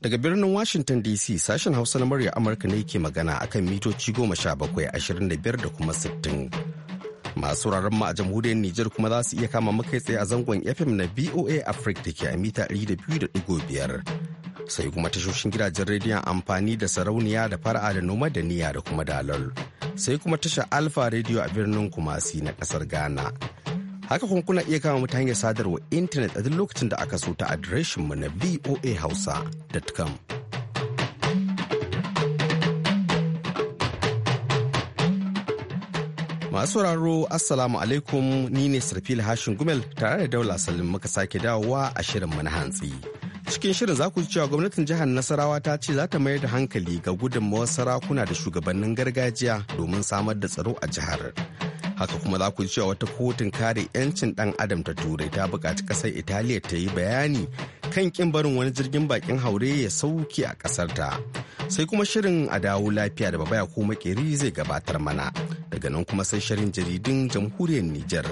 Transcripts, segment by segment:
Daga birnin Washington DC sashen Hausa na murya Amurka ne ke magana akan mitoci goma sha bakwai ashirin da biyar da kuma sittin. Masu wuraren ma a jamhuriyar Nijar kuma za su iya kama makai tsaye a zangon FM na BOA Africa da ke a mita ɗari da biyu da ɗigo biyar. Sai kuma tashoshin gidajen rediyon amfani da sarauniya da fara'a da noma da niyya da kuma dalol. Sai kuma tasha Alfa Radio a birnin Kumasi na ƙasar Ghana. Haka kuma kuna iya kama mutane hanyar sadarwa intanet a duk lokacin da aka so ta adireshin mu na voahausa.com. Masu sauraro Assalamu alaikum ni ne Sarfil Hashin Gumel tare da Daula Salim muka sake dawowa a shirin mu na hantsi. Cikin shirin za ku ji cewa gwamnatin jihar Nasarawa ta ce za ta mayar da hankali ga gudunmawar sarakuna da shugabannin gargajiya domin samar da tsaro a jihar. haka kuma za ku cewa wata kotun kare 'yancin dan adam ta turai ta bukaci ƙasar italiya ta yi bayani kan kin barin wani jirgin bakin haure ya sauke a ƙasar ta sai kuma shirin a dawo lafiya da babaya ko makeri zai gabatar mana daga nan kuma sai shirin jaridun jamhuriyar niger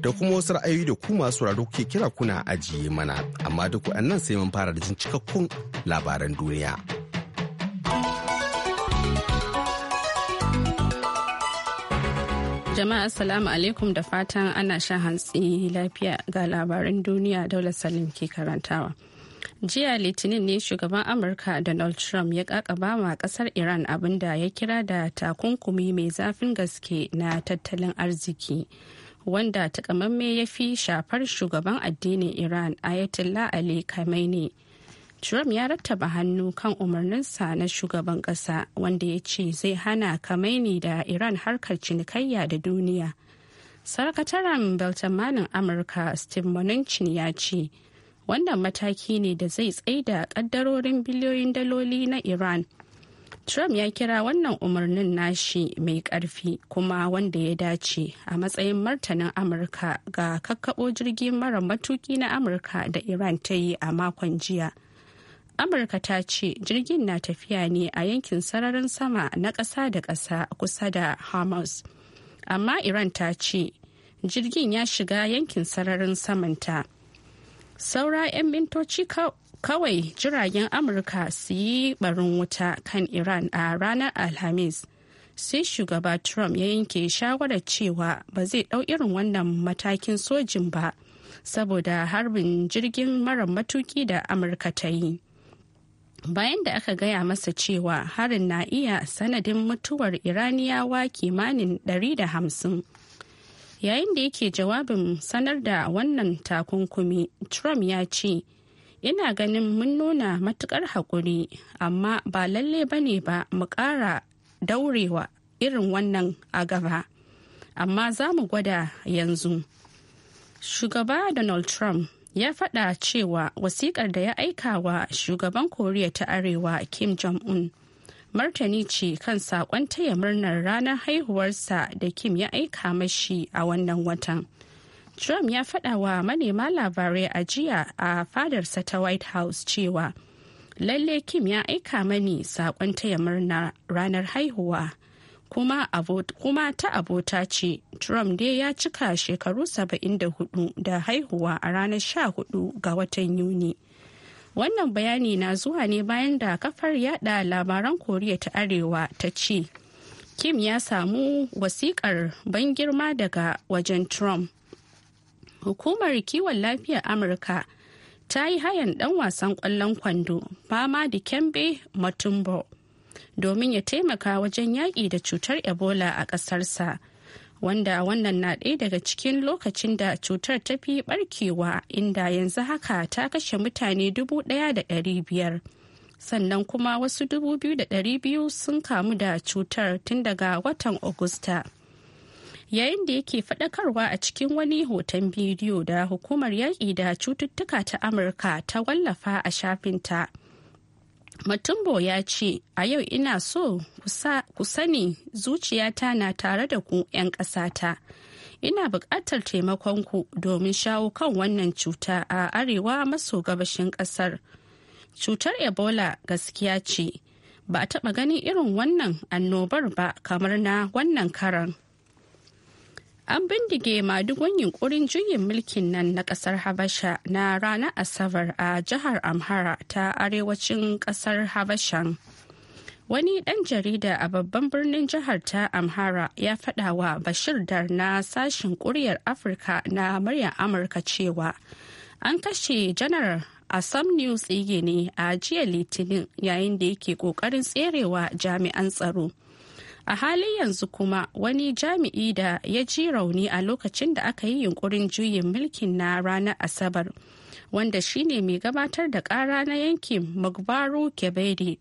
da kuma wasu ra'ayoyi da ku masu raro ke kira kuna ajiye mana amma duk nan sai mun fara da jin cikakkun labaran duniya. jama'a assalamu alaikum da fatan ana shan hantsi lafiya ga labaran duniya daular salim ke karantawa. jiya litinin ne shugaban amurka donald trump ya kakaba ma kasar iran abinda ya kira da takunkumi mai zafin gaske na tattalin arziki wanda takamamme ya fi shafar shugaban addinin iran ayatollah ali khamenei Trump ya rattaba hannu kan umarninsa na shugaban ƙasa wanda ya ce zai hana kamaini da Iran harkar cinikayya da duniya. Sarkataren Belton Amurka Steve Mnuchin ya ce, wannan mataki ne da zai tsaida ƙaddarorin biliyoyin daloli na Iran. Trump ya kira wannan umarnin nashi mai ƙarfi kuma wanda ya dace a matsayin martanin Amurka ga kakkaɓo jirgin mara matuki na Amurka da Iran ta yi a makon jiya. amurka ta ce jirgin na tafiya ne a yankin sararin sama na ƙasa da ƙasa kusa da hamas amma iran ta ce jirgin ya shiga yankin sararin samanta saura 'yan mintoci kawai jiragen amurka su yi barin wuta kan iran a ranar alhamis sai shugaba trump ya yanke shawarar cewa ba zai ɗau irin wannan matakin sojin ba saboda harbin jirgin mara matuki da amurka ta yi bayan da aka gaya masa cewa harin na iya sanadin mutuwar iraniyawa kimanin 150 yayin da yake jawabin sanar da wannan takunkumi trump ya ce ina ganin mun nuna matukar haƙuri amma ba lalle ba ne ba mu ƙara daurewa irin wannan a gaba amma za mu gwada yanzu shugaba donald trump ya faɗa cewa wasiƙar da ya aika wa shugaban koriya ta arewa kim jong-un martani ce kan saƙon taya murnar ranar haihuwarsa da kim ya aika mashi a wannan watan trump ya faɗa wa manema labarai a jiya a fadarsa ta white house cewa lalle kim ya aika mani saƙon taya murnar ranar haihuwa kuma ta abota ce trump dai ya cika shekaru 74 da haihuwa a ranar 14 ga watan yuni wannan bayani na zuwa ne bayan da kafar yada labaran koriya ta arewa ta ce kim ya samu wasikar ban girma daga wajen trump hukumar kiwon lafiyar amurka ta yi hayan dan wasan kwallon kwando fama da kembe matumbo domin ya taimaka wajen yaƙi da cutar ebola a ƙasarsa wanda wannan na ɗaya daga cikin lokacin da cutar ta fi ɓarkewa inda yanzu haka ta kashe mutane dubu ɗaya da ɗari biyar sannan kuma wasu dubu biyu da ɗari biyu sun kamu da cutar tun daga watan agusta yayin da yake faɗakarwa a cikin wani hoton bidiyo da hukumar yaƙi da cututtuka ta amurka ta wallafa a shafinta Matumbo ya ce, A yau ina so ku sani zuciyata na tare da ku 'yan ƙasata. Ina buƙatar taimakonku domin shawo kan wannan cuta a arewa maso gabashin ƙasar. Cutar Ebola gaskiya ce, ba a taɓa ganin irin wannan annobar ba kamar na wannan karan. an bindige madugun yunkurin juyin mulkin nan na kasar habasha na ranar asabar a jihar amhara ta arewacin kasar habashan wani ɗan jarida a babban birnin jihar ta amhara ya faɗawa wa bashir dar na sashin ƙuryar afirka na muryar amurka cewa an kashe janar assam news ne a jiya litinin yayin da yake ƙoƙarin tserewa jami'an tsaro a halin yanzu kuma wani jami'i da ya ji rauni a lokacin da aka yi yunkurin juyin mulkin na ranar asabar wanda shine mai gabatar da ƙara na yankin magbaru kebede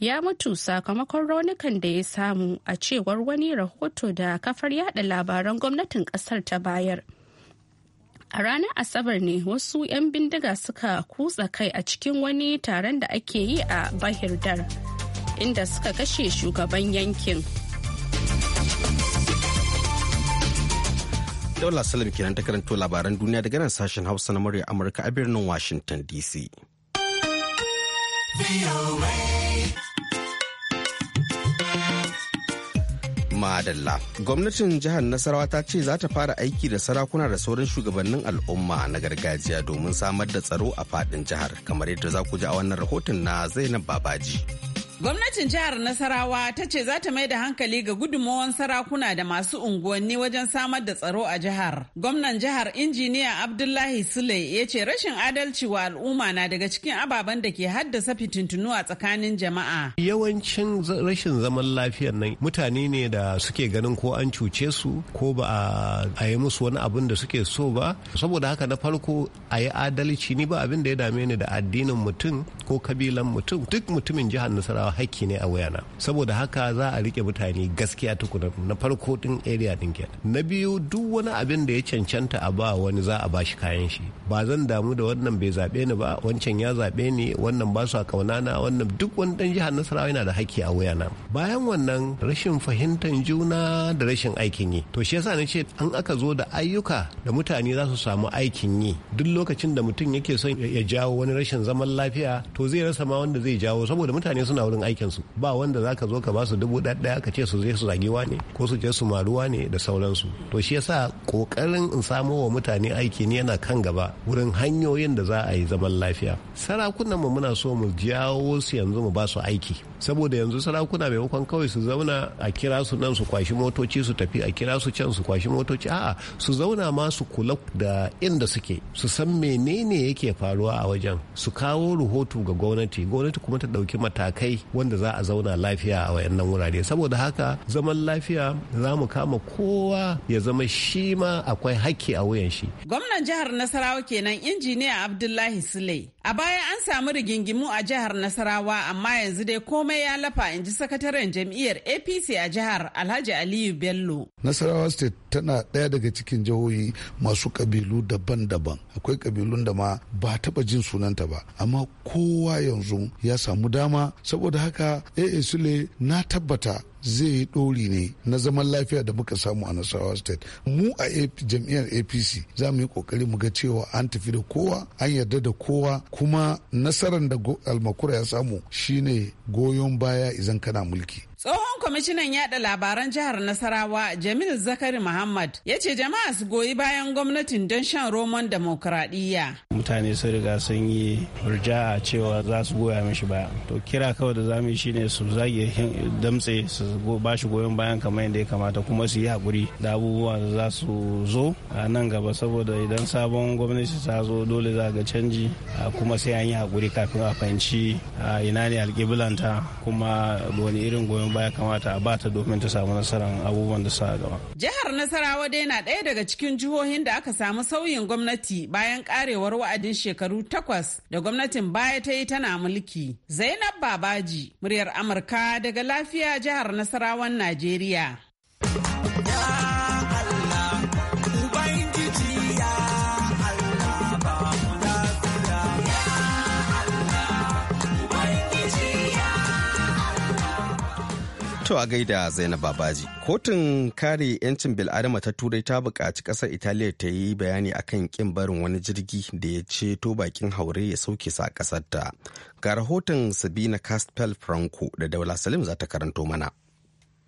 ya mutu sakamakon raunukan da ya samu a cewar wani rahoto da kafar yada labaran gwamnatin kasar ta bayar a ranar asabar ne wasu 'yan bindiga suka kutsa kai a cikin wani taron da ake yi a bahirdar. inda suka kashe shugaban yankin. Daula Salim kenan ta karanto labaran duniya daga nan sashen Hausa na murya Amurka a birnin Washington DC. Madalla. Gwamnatin jihar Nasarawa ta ce za ta fara aiki da sarakuna da sauran shugabannin al'umma na gargajiya domin samar da tsaro a fadin jihar, kamar yadda za ku ji a wannan rahoton na Zainab Babaji. Gwamnatin jihar Nasarawa ta ce za ta mai da hankali ga gudunmawan sarakuna da masu unguwanni wajen samar da tsaro a jihar. Gwamnan jihar Injiniya Abdullahi Sule ya ce rashin adalci wa al'umma na daga cikin ababen da ke haddasa fitintunu a tsakanin jama'a. Yawancin rashin zaman lafiyar nan mutane ne da suke ganin ko an cuce su ko ba a yi musu wani abin da suke so ba. Saboda haka na farko a yi adalci ni ba abin da ya dame ni da addinin mutum ko kabilan mutum duk mutumin jihar Nasarawa hakki ne a wayana saboda haka za a rike mutane gaskiya tukuna na farko din area din kenan na biyu duk wani abin da ya cancanta a ba wani za a bashi kayan shi ba zan damu da wannan bai zabe ni ba wancan ya zabe ni wannan ba su a kaunana wannan duk wani dan jihar Nasarawa yana da hakki a wayana bayan wannan rashin fahimtar juna da rashin aikin yi to shi yasa na ce an aka zo da ayyuka da mutane za su samu aikin yi duk lokacin da mutum yake son ya jawo wani rashin zaman lafiya to zai rasa ma wanda zai jawo saboda mutane suna wurin ba wanda za ka zo ka ba su dubu ɗaya ka ce su je su zagi ne ko su je su maruwa ne da sauransu to shi yasa kokarin in samo wa mutane aiki ne yana kan gaba wurin hanyoyin da za a yi zaman lafiya sarakunan mu muna so mu jawo su yanzu mu ba su aiki saboda yanzu sarakuna maimakon kawai su zauna a kira su nan su kwashi motoci su tafi a kira su can su kwashi motoci a'a su zauna ma su kula da inda suke su san menene yake faruwa a wajen su kawo rahoto ga gwamnati gwamnati kuma ta ɗauki matakai wanda za a zauna lafiya a wayannan wurare saboda haka zaman lafiya za mu kama kowa ya zama shi ma akwai haƙƙi a wuyan shi gwamnan jihar nasarawa kenan injiniya abdullahi sule a baya an samu rigingimu a jihar nasarawa amma yanzu dai komai ya lafa in ji sakataren jam'iyyar apc a jihar alhaji aliyu bello nasarawa state tana ɗaya daga cikin jihohi masu kabilu daban-daban akwai kabilun da ma ba taɓa jin sunanta ba amma kowa yanzu ya samu dama saboda saboda haka AA Sule na tabbata zai yi ɗori ne na zaman lafiya da muka samu a nasarawa state mu a jam'iyyar apc za mu yi ƙoƙari mu ga cewa an tafi da kowa an yarda da kowa kuma nasarar da almakura ya samu shine goyon baya izan kana mulki Tsohon kwamishinan yada labaran jihar Nasarawa Jamil Zakari Muhammad ya ce jama'a su goyi bayan gwamnatin don shan roman demokuraɗiyya. Mutane sun riga sun yi a cewa za su goya mishi baya. To kira kawai da zamu yi shine su zage damtse su ba shi goyon bayan kamar yadda ya kamata kuma su yi hakuri da abubuwa da za su zo a nan gaba saboda idan sabon gwamnati ta zo dole za ga canji kuma sai an yi hakuri kafin a fahimci ina ne alƙiblanta kuma wani irin goyon ba ya kamata a bata domin ta samu nasarar abubuwan da sa gaba. Jihar Nasarawa dai na ɗaya daga cikin jihohin da aka samu sauyin gwamnati bayan karewar wa'adin shekaru takwas da gwamnatin baya ta yi tana mulki. Zainab Babaji, muryar Amurka daga lafiya jihar Nasarawan Najeriya. To a gaida Zainab Babaji. Kotun kare 'yancin bil'adama ta Turai ta buƙaci ƙasar Italiya ta yi bayani akan kin barin wani jirgi da ya ceto bakin haure ya sauke sa ƙasarta. Ga rahoton Sabina Castel Franco da Daula Salim za ta karanto mana.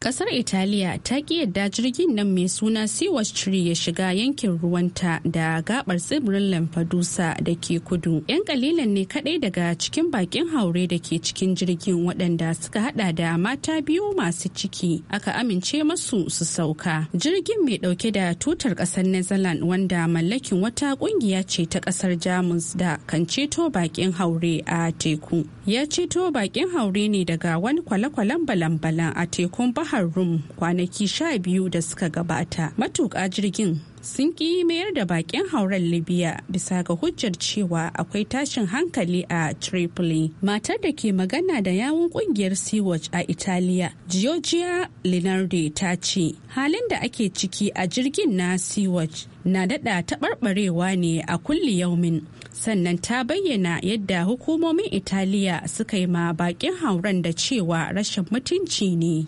kasar italiya ta ki yadda jirgin nan mai suna sea tree ya shiga yankin ruwanta da gabar tsibirin lamfadusa da ke kudu yan kalilan ne kadai daga cikin bakin haure da ke cikin jirgin waɗanda suka hada da mata biyu masu ciki aka amince masu su sauka jirgin mai dauke da tutar kasar netherland wanda mallakin wata kungiya ce ta kasar jamus da kan ceto bakin haure a teku ya ceto bakin haure ne daga wani kwale-kwalen balan-balan a tekun bahar jihar Rum kwanaki sha biyu da suka gabata. Matuƙa jirgin sun ƙi mayar da bakin hauren libya bisa ga hujjar cewa akwai tashin hankali a tripoli matar da ke magana da yawun ƙungiyar sea-watch a italiya georgia linardi ta ce halin da ake ciki a jirgin na sea-watch na daɗa taɓarɓarewa ne a kulli yaumin sannan ta bayyana yadda hukumomin italiya suka yi ma bakin hauren da cewa rashin mutunci ne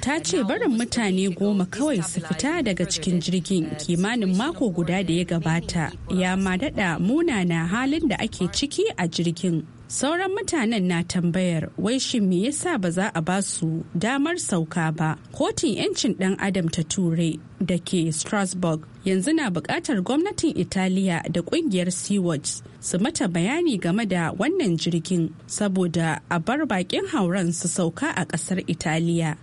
ta ce barin mutane goma kawai su fita daga cikin jirgin kimanin mako guda da ya gabata ya ma daɗa munana halin da ake ciki a jirgin sauran mutanen na tambayar wai shin me yasa ba za a ba su damar sauka ba kotun 'yancin ɗan adam ta turai da ke strasbourg yanzu na buƙatar gwamnatin italiya da ƙungiyar seawards su mata bayani game da wannan jirgin saboda a bar baƙin hauran su sauka a ƙasar italiya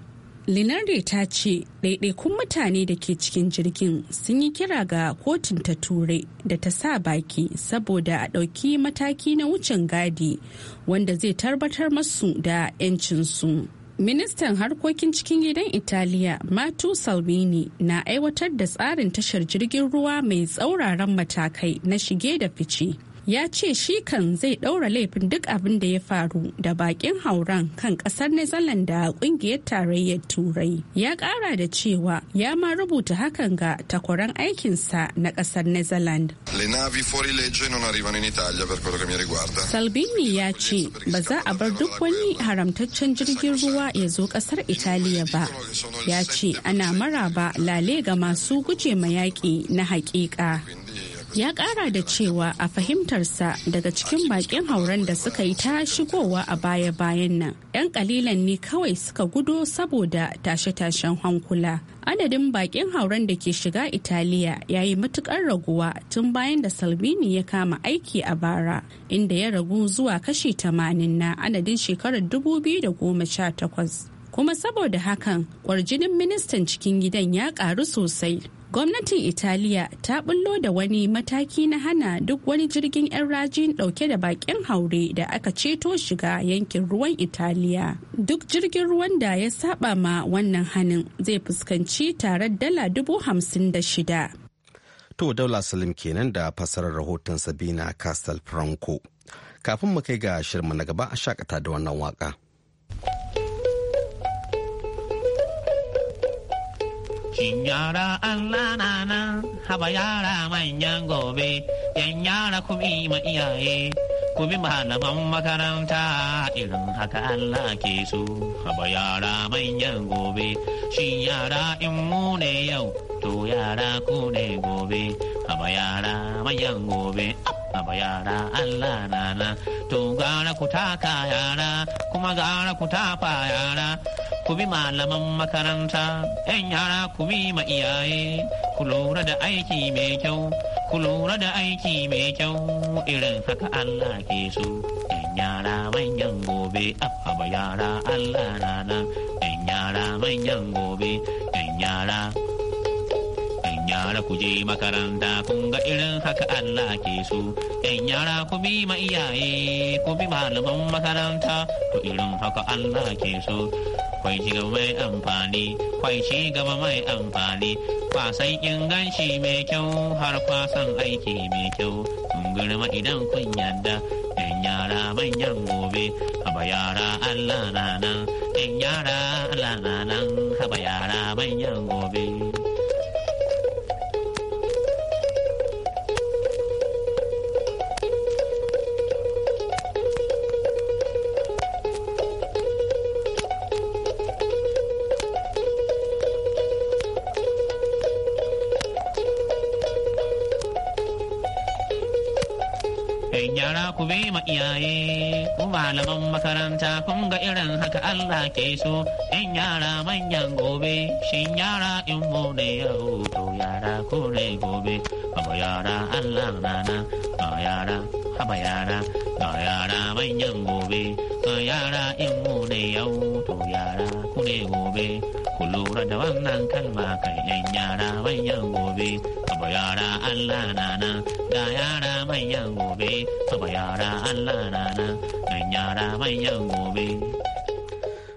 Linarde ta ce ɗaiɗaikun mutane da ke cikin jirgin sun yi kira ga kotun ta turai da ta sa baki saboda a ɗauki mataki na wucin gadi wanda zai tarbatar masu da 'yancinsu. Ministan harkokin cikin gidan Italiya Matu Salvini na aiwatar da tsarin tashar jirgin ruwa mai tsauraran matakai na shige da fice ya ce shi kan zai ɗaura laifin duk abin da ya faru da bakin hauran kan ƙasar Nezalan da ƙungiyar tarayyar Turai. Ya ƙara da cewa ya ma rubuta hakan ga takwaran aikinsa na ƙasar Nezaland. Salvini ya ce ba za a bar duk wani haramtaccen jirgin ruwa ya zo ƙasar Italiya ba. Ya ce ana maraba lale ga masu guje ma yaƙi na haƙiƙa. ya kara da cewa a fahimtarsa daga cikin bakin hauren da suka yi ta shigowa a baya-bayan nan 'yan kalilan ne kawai suka gudo saboda tashe-tashen hankula adadin bakin hauren da ke shiga italiya ya yi matukar raguwa tun bayan da salvini ya kama aiki a bara inda ya ragu zuwa kashi 80 na adadin shekarar 2018 kuma saboda hakan kwarjinin ministan cikin gidan ya karu sosai gwamnatin italiya ta bullo da wani mataki na hana duk wani jirgin 'yan rajin dauke da bakin haure da aka ceto shiga yankin ruwan italiya duk jirgin ruwan da ya saba ma wannan hanin zai fuskanci tare dala dubu hamsin da shida to daula salim kenan da fasarar rahoton sabina castle franco kafin mu kai ga shirma na gaba a shakata da wannan waka. Shin yara Allah na haba yara manyan gobe, yan yara ku bi ma iyaye, ku bi malaman makaranta irin haka Allah ke so. Haba yara manyan gobe, shin yara in mu ne yau, to yara ku ne gobe, haba yara manyan gobe. yara Allah nana to gara ku taka yara kuma gara ku tafa yara ku bi malaman makaranta, ‘yan yara ku bi ma iyaye, ku lura da aiki mai kyau, ku lura da aiki mai kyau, irin haka Allah ke so. ‘Yan yara manyan gobe, abba yara Allah rana, ‘yan yara manyan gobe, ‘yan yara. ‘Yan yara ku je makaranta, kun ga irin haka Allah ke so. ‘Yan yara ku bi ma iyaye, ku bi malaman makaranta, to irin haka Allah ke so. kwai ci gaba mai amfani kwai ci gaba mai amfani kwasan inganci mai kyau har kwasan aiki mai kyau kun girma idan kun yarda in yara manyan gobe haba yara Allah na nan yara Allah na nan haba yara manyan gobe ku bi ma iyaye ku malaman makaranta kun ga irin haka Allah ke so in yara manyan gobe shin yara in mu ne yau to yara ku ne gobe haba yara Allah rana ga yara yara yara manyan gobe ga yara in mu ne yau to yara ku ne gobe ku lura da wannan kalma kan yan yara manyan gobe saba yara Allah na ga yara manyan gobe saba yara Allah na ga yara manyan gobe.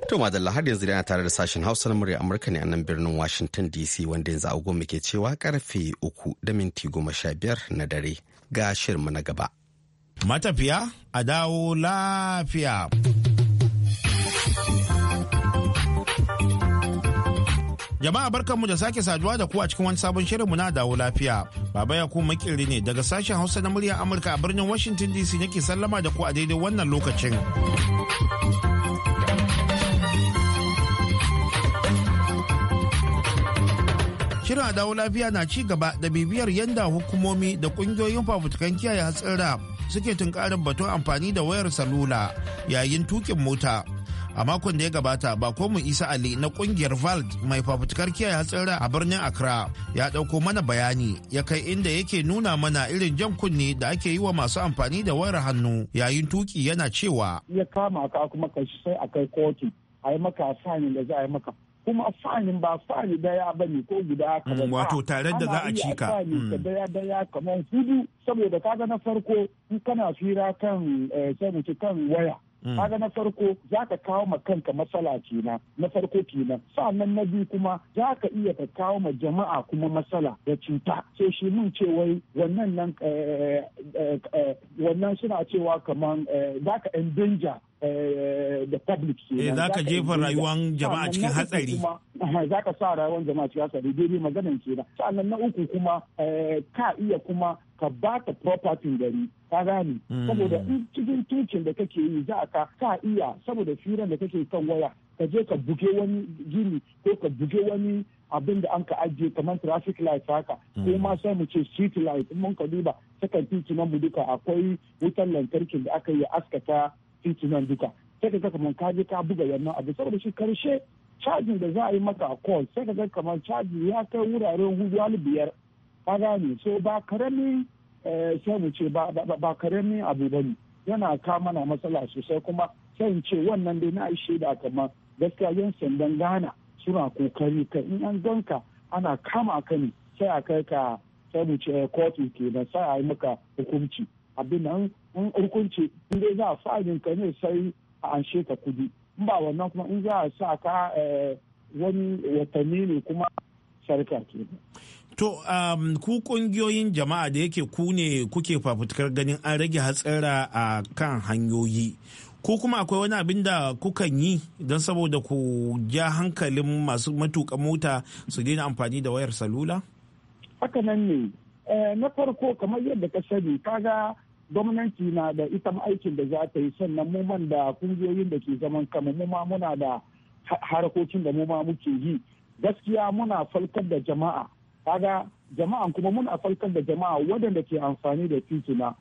To madalla har yanzu yana tare da sashen Hausa na murya Amurka ne a nan birnin Washington DC wanda yanzu a agogo muke cewa karfe uku da minti goma sha biyar na dare ga shirma na gaba. Matafiya a dawo lafiya. Jama'a mu da sake saduwa da ku a cikin wani sabon shirinmu na dawo lafiya. Baba ya ku makirri ne daga sashen Hausa na muryar Amurka a birnin Washington DC nake sallama da ku a daidai wannan lokacin. Shirin a dawo lafiya na ci gaba da bibiyar yadda hukumomi da kungiyoyin fafutukan kiyaye hatsira suke tunkarin batun amfani da wayar salula yayin tukin mota. a makon da ya gabata ba ko mu isa ali na kungiyar vald mai fafutukar kiyaye hatsarin a birnin accra ya dauko mana bayani ya kai inda yake nuna mana irin jan kunne da ake yi wa masu amfani da wayar hannu yayin tuki yana cewa ya kama ka kuma ka sai a kai kotu a yi maka sanin da za a yi maka kuma sanin ba sani daya ba ne ko guda ka mm, wato tare da za a ci ka mm. daya daya kamar hudu saboda kaga na farko in kana fira kan eh, sai kan waya Mm. kaga na farko za ka kawo ma kanka matsala kenan na farko kenan sannan na biyu kuma za ka iya ka kawo ma jama'a kuma matsala da cuta sai shi mun ce wai wannan nan eh, eh, eh, wannan suna cewa kaman za ka endanger da public eh, ke za ka jefa rayuwar jama'a cikin hatsari eh, za ka sa rayuwan jama'a cikin hatsari daidai maganan kenan nan na uku kuma eh, ka iya kuma ka ba ta property gari ka gani hmm. saboda in cikin tukin da kake yi za ka ka iya saboda firan da kake kan waya ka je ka buge wani gini ko ka buge wani abin da an ka ajiye kamar traffic light haka hmm. ko ma sai mu ce street light mun ka duba sakan titunan mu duka akwai wutan lantarki da aka yi askata titunan duka sai ka ga kamar ka je ka buga yannan abu saboda shi karshe cajin da za a yi maka a call sai ka ga kamar caji ya kai wuraren hudu biyar ka gane so ba karami eh, sai mu ce ba karami abu ba ne yana ka mana matsala sosai kuma sai ce wannan dai na ishe da kamar gaskiya yan sandan gana suna kokari ka in an ganka ana kama ka ne sai a kai ka sai mu ce kotu eh, kenan sai a yi maka hukunci abin nan in hukunci in dai za a fa'adin ka ne sai a anshe ka kudi ba wannan kuma in za a sa ka eh, wani watanni ne kuma sarka ke To um, ku kungiyoyin jama'a da yake ku ne kuke fafutukar ganin an rage hatsara a kan hanyoyi. Ko kuma akwai wani abin da kukan yi don saboda ku ja hankalin masu matuƙa mota su daina amfani da wayar salula? hakanan ne. Eh, na farko kamar yadda ka sani kaga gwamnati na da ita aikin da za ta yi sannan mu man da kungiyoyin da ke zaman kama mu ma muna da harkokin da mu ma muke yi gaskiya muna falkar da jama'a kaga jama'a kuma muna falkar da jama'a waɗanda ke amfani da titina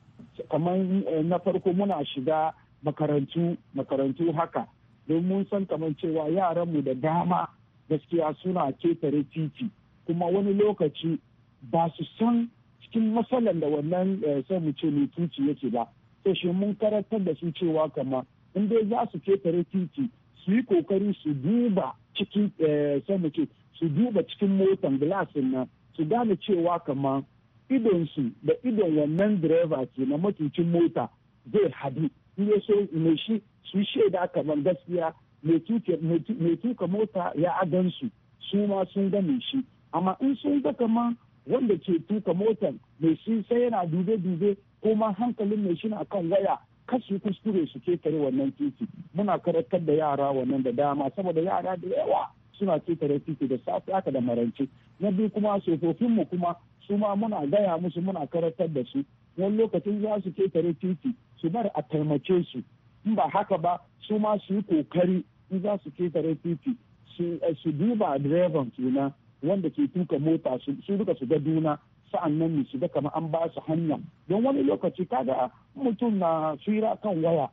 kamar eh, na farko muna shiga makarantu makarantu haka don mun san kamar cewa mu da dama gaskiya suna ketare titi kuma wani lokaci ba su san cikin matsalar da wannan eh, sai mu ce mai tuci yake ba sai shi mun karantar da su cewa kama in dai za su ketare titi su yi kokari su duba cikin eh, sai mu ce su duba cikin motan glasin nan su gane cewa kama idon su da idon wannan direba ke na matucin mota zai hadu in ya so mai shi su shaida kaman gaskiya mai tuka mota ya adansu su ma sun gane shi amma in sun ga kama. wanda ke tuka motan mai shi sai yana dube-dube ma hankalin mai shi kan waya kashi kuskure su ketare wannan titi muna karantar da yara wannan da dama saboda yara da yawa suna ketare titi da safe haka da maranci na biyu kuma tsofaffinmu kuma su ma muna gaya musu muna karantar da su wani lokacin za su ketare titi su bar a taimace su in ba haka ba su ma su yi kokari in za su ketare titi su eh, duba direban suna. wanda ke tuka mota su duka su ga juna sa'an nan su ga kamar an ba su hanya don wani lokaci kaga mutum na tsira kan waya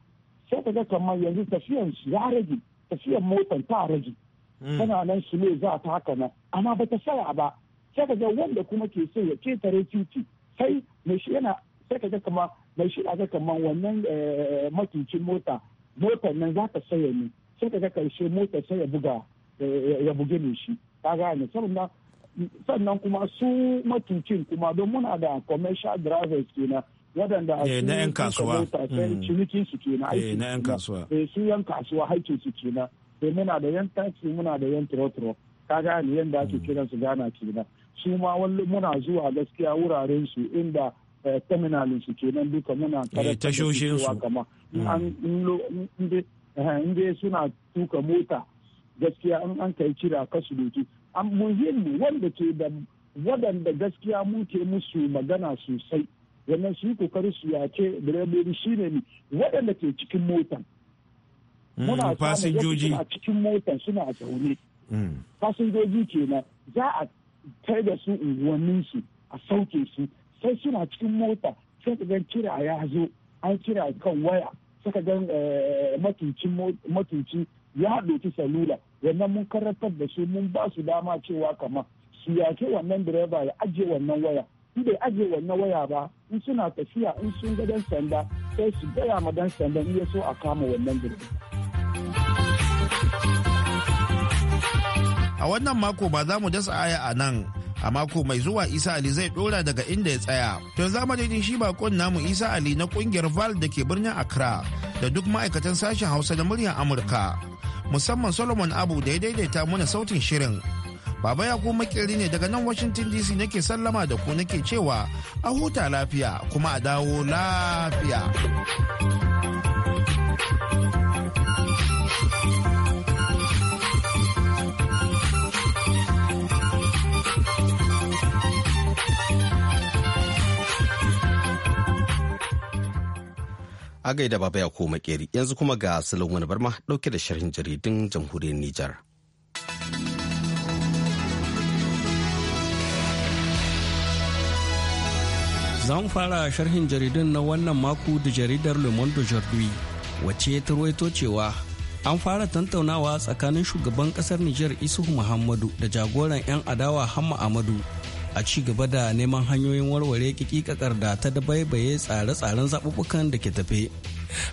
sai ka ga kamar yanzu tafiyan shi ya rage tafiyan motan ta rage hmm. tana nan su ne za ta haka nan amma ba ta saya ba sai ka ga wanda kuma ke so ya ketare titi sai mai shi yana sai ka ga kamar mai shi ga kamar wannan eh, matucin mota motan nan za ta saya ne sai ka ga karshe motar sai ya buga eh, ya buge ne shi ka ne saboda sannan kuma su matucin kuma don muna da commercial drivers kenan waɗanda a eh, na 'yan kasuwa mm. cinikin eh, eh, su kenan na 'yan su 'yan kasuwa haike su kenan sai muna da 'yan taxi muna da 'yan trotro ka ne yadda ake mm. kiran su gana kenan su ma wani muna zuwa gaskiya wuraren su inda terminalin su kenan duka muna tashoshin su kama mm. in suna tuka mota gaskiya in an kai cira kasu doki an muhimmi wanda ke da Wadanda gaskiya ke musu magana sosai wannan su yi kokari su yace direbobi shi ne ni waɗanda ke cikin motan hmm, muna fasinjoji a cikin motan suna a zaune hmm. fasinjoji kenan za a kai da su unguwannin su a sauke su sai suna cikin mota sai ka gan kira ya zo an kira kan waya suka gan eh, matuncin ya doki salula wannan mun karantar da su mun ba su dama cewa kamar su yake wannan direba ya ajiye wannan waya in bai ajiye wannan waya ba in suna tafiya in sun ga dan sanda sai su gaya ma dan sanda in ya so a kama wannan direba. A wannan mako ba za mu dasa aya a nan a mako mai zuwa isa ali zai dora daga inda ya tsaya to za mu zamanin shi bakon namu isa ali na kungiyar val da ke birnin accra da duk ma'aikatan sashen hausa da muryar amurka musamman solomon abu da ya daidaita mana sautin shirin baba ya kuma makeri ne daga nan washington dc nake sallama da ku nake cewa a huta lafiya kuma a dawo lafiya A da baba ya koma makeri yanzu kuma ga salon wani barma dauke da sharhin jaridun jamhuriyar Nijar. Zan fara sharhin jaridun na wannan mako da jaridar Le Monde Aujourd'hui wace ta ruwaito cewa an fara tantaunawa tsakanin shugaban kasar Nijar Isuhu Muhammadu da jagoran 'yan adawa Hamma Ahmadu? a ci gaba da neman hanyoyin warware kikikakar da ta dabaibaye tsare-tsaren zaɓuɓɓukan da ke tafe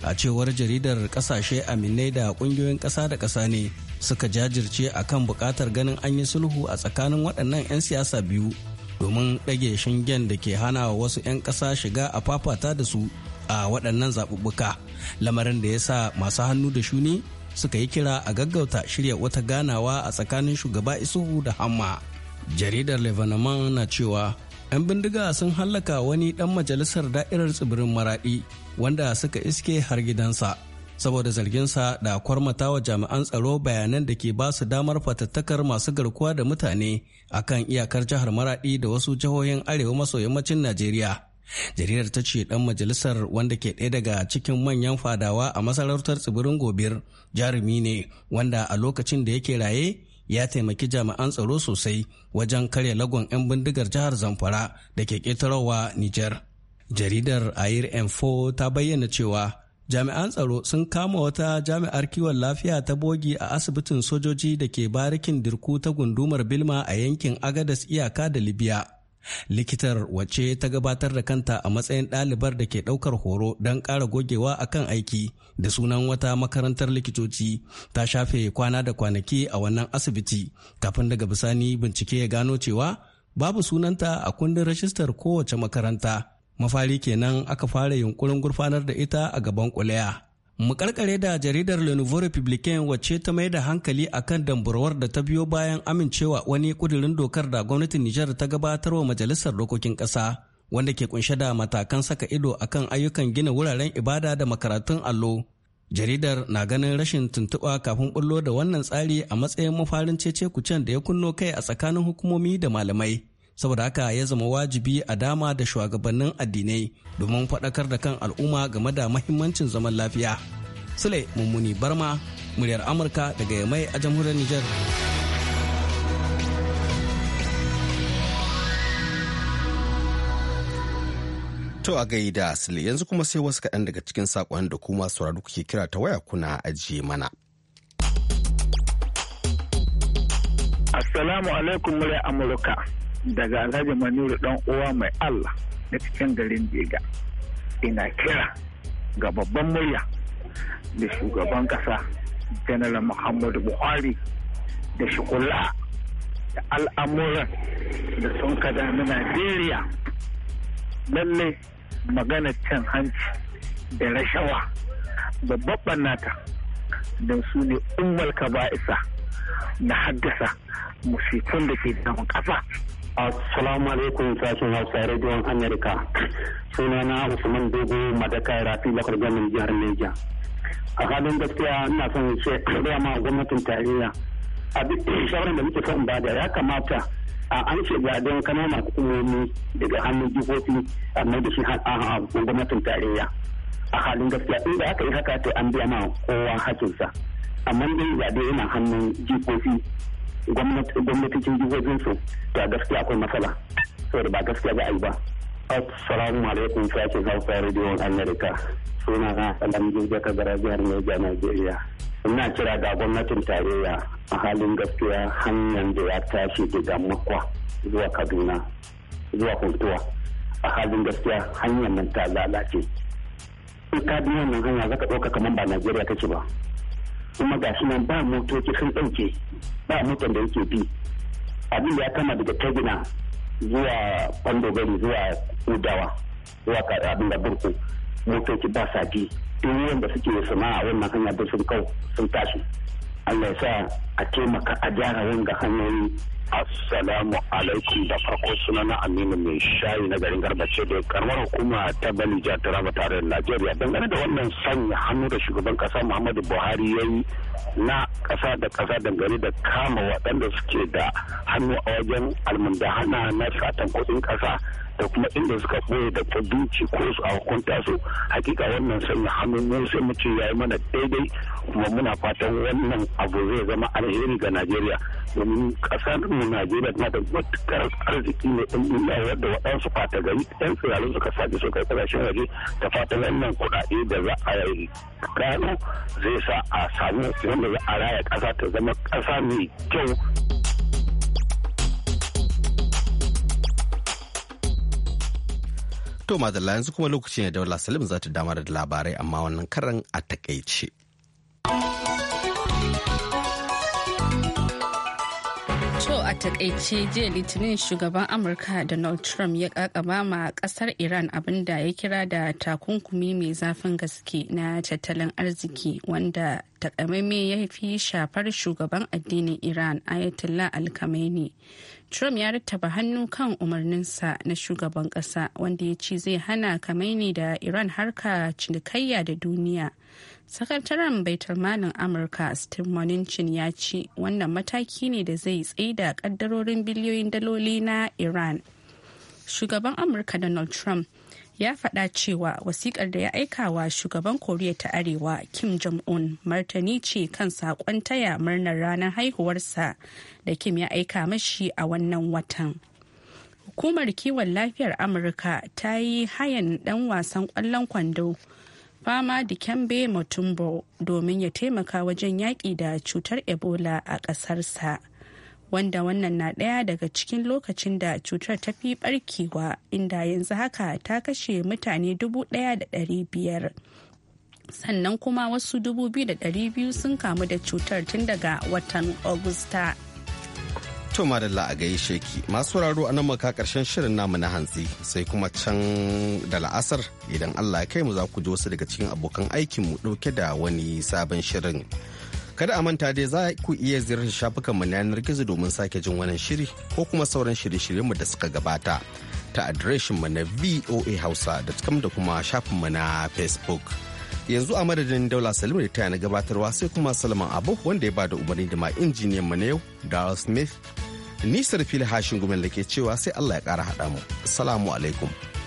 a cewar jaridar ƙasashe aminai da ƙungiyoyin ƙasa da ƙasa ne suka jajirce a kan buƙatar ganin an yi sulhu a tsakanin waɗannan 'yan siyasa biyu domin ɗage shingen da ke hana wasu 'yan ƙasa shiga a fafata da su a waɗannan zaɓuɓɓuka lamarin da ya sa masu hannu da shuni suka yi kira a gaggauta shirya wata ganawa a tsakanin shugaba isuhu da hamma jaridar levanaman na cewa 'yan bindiga sun hallaka wani ɗan majalisar da'irar tsibirin maraɗi, wanda suka iske har gidansa saboda zarginsa da kwarmatawa jami'an tsaro bayanan da ke ba su damar fatattakar masu garkuwa da mutane a kan iyakar jihar Maraɗi da wasu jihohin arewa maso yammacin najeriya jaridar ta ce ɗan majalisar wanda ke ɗaya daga cikin manyan fadawa a masarautar tsibirin gobir jarumi ne wanda a lokacin da yake raye ya taimaki jami'an tsaro sosai wajen karya lagon 'yan bindigar jihar zamfara da ke ƙetarewa nijar jaridar air m4 ta bayyana cewa jami'an tsaro sun kama wata jami'ar kiwon lafiya ta bogi a asibitin sojoji da ke barikin dirku ta gundumar bilma a yankin agadas iyaka da libya likitar wacce ta gabatar da kanta a matsayin ɗalibar da ke ɗaukar horo don ƙara gogewa a kan aiki da sunan wata makarantar likitoci ta shafe kwana da kwanaki a wannan asibiti kafin daga bisani bincike ya gano cewa babu sunanta a kundin rajistar kowace makaranta mafari kenan aka fara yunkurin gurfanar da ita a gaban kuliya. Mu karkare da jaridar Le Nouveau Republicain wacce ta mai da hankali akan damburwar da ta biyo bayan amincewa wani kudirin dokar da gwamnatin Nijar ta gabatar wa majalisar dokokin ƙasa wanda ke kunshe da matakan saka ido akan ayyukan gina wuraren ibada da makaratun allo. Jaridar na ganin rashin tuntuɓa kafin bullo da wannan tsari a matsayin mafarin cece kucen da ya kunno kai a tsakanin hukumomi da malamai. saboda haka ya zama wajibi a dama da shugabannin addinai domin faɗakar da kan al'umma game da mahimmancin zaman lafiya sule mummuni barma muryar amurka daga yamai a jamhuriyar nijar To a gaida asali yanzu kuma sai wasu kaɗan daga cikin saƙon da kuma sauraro kuke kira ta waya kuna ajiye mana. Assalamu alaikum murya Amurka. daga alhaji manuru dan uwa mai allah na cikin garin jega ina kira ga babban murya da shugaban kasa janar muhammadu buhari da shukula da al'amuran da sun kada na najeriya lallai magana can hanci da rashawa da nata don su ne umar ka ba isa na haddasa musifin da ke damun ƙasa Assalamu alaikum sashen Hausa rediyon Amerika. Sunana Usman Dogo Madaka Rafi Bakar Gwamnan Jihar Neja. A halin gaskiya ina son ce kariya ma gwamnatin tarayya. A duk shawarar da muke son bada ya kamata a an ce gadon kanana hukumomi daga hannun jihohi a mai da shi a gwamnatin tarayya. A halin gaskiya inda aka yi haka ta an biya ma kowa hakinsa. Amma dai zaɓe yana hannun jihohi gwamnatocin jihohinsu da gaskiya akwai matsala saboda ba gaskiya za a yi ba assalamu alaikum sashen hausa rediyon america suna na alamjin daga gara jihar Niger Nigeria. Ina kira ga gwamnatin tarayya a halin gaskiya hanyar da ya tashi daga makwa zuwa Kaduna zuwa Kuntuwa. A halin gaskiya hanyar nan ta lalace. In ka biyan nan hanya zaka ɗauka kamar ba Najeriya kake ba. kuma ga shi nan ba motoci sun ɗauke ba motar da yake bi abin ya kama daga tagina zuwa kwandogari zuwa udawa zuwa abin da burku motoci ba sa bi duk wanda suke a wannan hanya da sun kau sun tashi Allah ya sa a taimaka a gyara wanga hanyoyi Assalamu alaikum da farko sunana Aminu mai shayi na garin Garbace da karamar hukuma ta Balija ta raba da Najeriya dangane da wannan sanya hannu da shugaban kasa Muhammadu Buhari ya yi na kasa da kasa dangane da kama waɗanda suke da hannu a wajen almundahana na satan kuɗin kasa da kuma inda suka koya da duci ko su a hukunta su hakika wannan sanya hannu mu sai mu ce ya yi mana daidai kuma muna fatan wannan abu zai zama alheri ga Najeriya domin kasar mu Najeriya tana da matukar arziki ne in inda da waɗansu fata gari ɗan tsirarin suka sace su kai kasashen waje da fatan wannan kuɗaɗe da za a yi gano zai sa a samu wanda za a raya ƙasa ta zama ƙasa mai kyau To madalla yanzu kuma lokaci ne da wala Salim za ta dama da labarai amma wannan karan a takaice. To a takaice jiya litinin shugaban Amurka Donald Trump ya kakaba ma kasar Iran abinda ya kira da takunkumi mai zafin gaske na tattalin arziki wanda takamaimai ya fi shafar shugaban addinin Iran Ayatollah al Trump ya rattaba hannu kan umarninsa na shugaban ƙasa wanda ya ce zai hana kamaini da Iran harka cinikayya da duniya. Sakataren baitar malin Amurka Steve Mnuchin ya ce wannan mataki ne da zai tsaida kaddarorin biliyoyin daloli na Iran. Shugaban Amurka Donald Trump ya faɗa cewa wasikar da ya aika wa shugaban koriya ta arewa kim jong-un martani ce kan saƙon taya murnar ranar haihuwarsa da kim ya aika mashi a wannan watan hukumar kiwon lafiyar amurka ta yi hayan ɗan wasan ƙwallon kwando fama da kyambe mutumbo domin ya taimaka wajen yaƙi da cutar ebola a ƙasarsa. wanda wannan na ɗaya daga cikin lokacin da cutar ta fi barkewa inda yanzu haka ta kashe mutane dubu ɗaya biyar sannan kuma wasu dubu sun kamu da cutar tun daga watan agusta To madalla a gaishe sheki masu a nan maka karshen shirin namu na hantsi sai kuma can da la'asar idan Allah ya kai mu za ku ji wasu daga cikin abokan aikinmu ɗauke da wani sabon shirin. Kada a manta dai za ku iya ziyartar shafukanmu na yanar gizo domin sake jin wannan shiri ko kuma sauran shirye mu da suka gabata ta mu na voa hausa.com da kuma shafin mu na facebook. Yanzu a madadin Daula Salim da taya na gabatarwa sai kuma Salman Abu wanda ya bada umarni da ma injiniyan mu na yau Darrell Smith. Nisar fili hashin gumen da ke cewa sai Allah ya kara haɗa mu. Salamu alaikum.